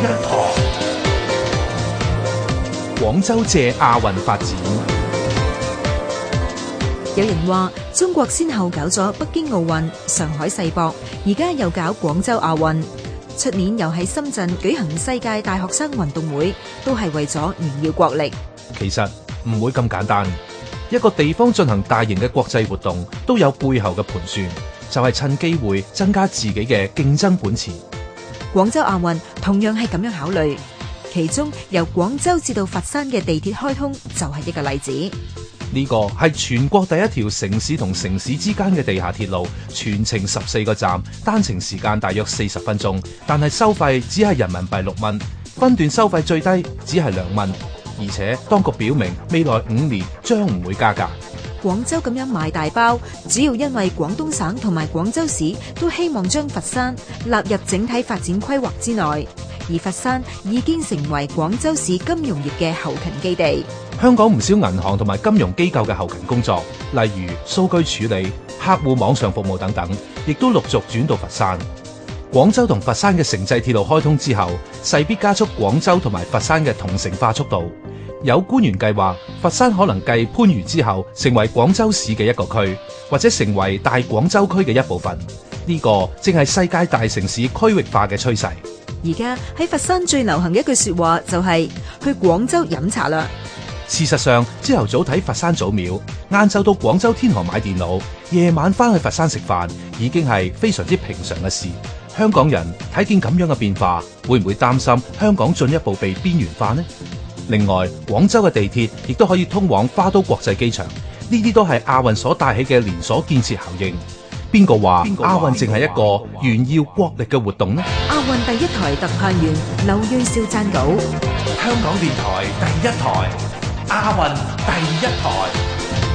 一廣州借亞運發展，有人話中國先後搞咗北京奧運、上海世博，而家又搞廣州亞運，出年又喺深圳舉行世界大學生運動會，都係為咗炫耀國力。其實唔會咁簡單，一個地方進行大型嘅國際活動都有背後嘅盤算，就係趁機會增加自己嘅競爭本錢。廣州亞運同樣係咁樣考慮，其中由廣州至到佛山嘅地鐵開通就係一個例子。呢個係全國第一條城市同城市之間嘅地下鐵路，全程十四個站，單程時間大約四十分鐘，但係收費只係人民幣六蚊，分段收費最低只係兩蚊，而且當局表明未來五年將唔會加價。廣州咁樣賣大包，主要因為廣東省同埋廣州市都希望將佛山納入整體發展規劃之內，而佛山已經成為廣州市金融業嘅後勤基地。香港唔少銀行同埋金融機構嘅後勤工作，例如數據處理、客戶網上服務等等，亦都陸續轉到佛山。廣州同佛山嘅城際鐵路開通之後，勢必加速廣州同埋佛山嘅同城化速度。有官員計劃，佛山可能繼番禺之後，成為廣州市嘅一個區，或者成為大廣州區嘅一部分。呢個正係世界大城市區域化嘅趨勢。而家喺佛山最流行嘅一句說話就係去廣州飲茶啦。事實上，朝頭早睇佛山祖廟，晏晝到廣州天河買電腦，夜晚翻去佛山食飯，已經係非常之平常嘅事。香港人睇見咁樣嘅變化，會唔會擔心香港進一步被邊緣化呢？另外，廣州嘅地鐵亦都可以通往花都國際機場，呢啲都係亞運所帶起嘅連鎖建設效應。邊個話亞運淨係一個炫耀國力嘅活動呢？亞運第一台特派員劉瑞少讚稿，香港電台第一台，亞運第一台。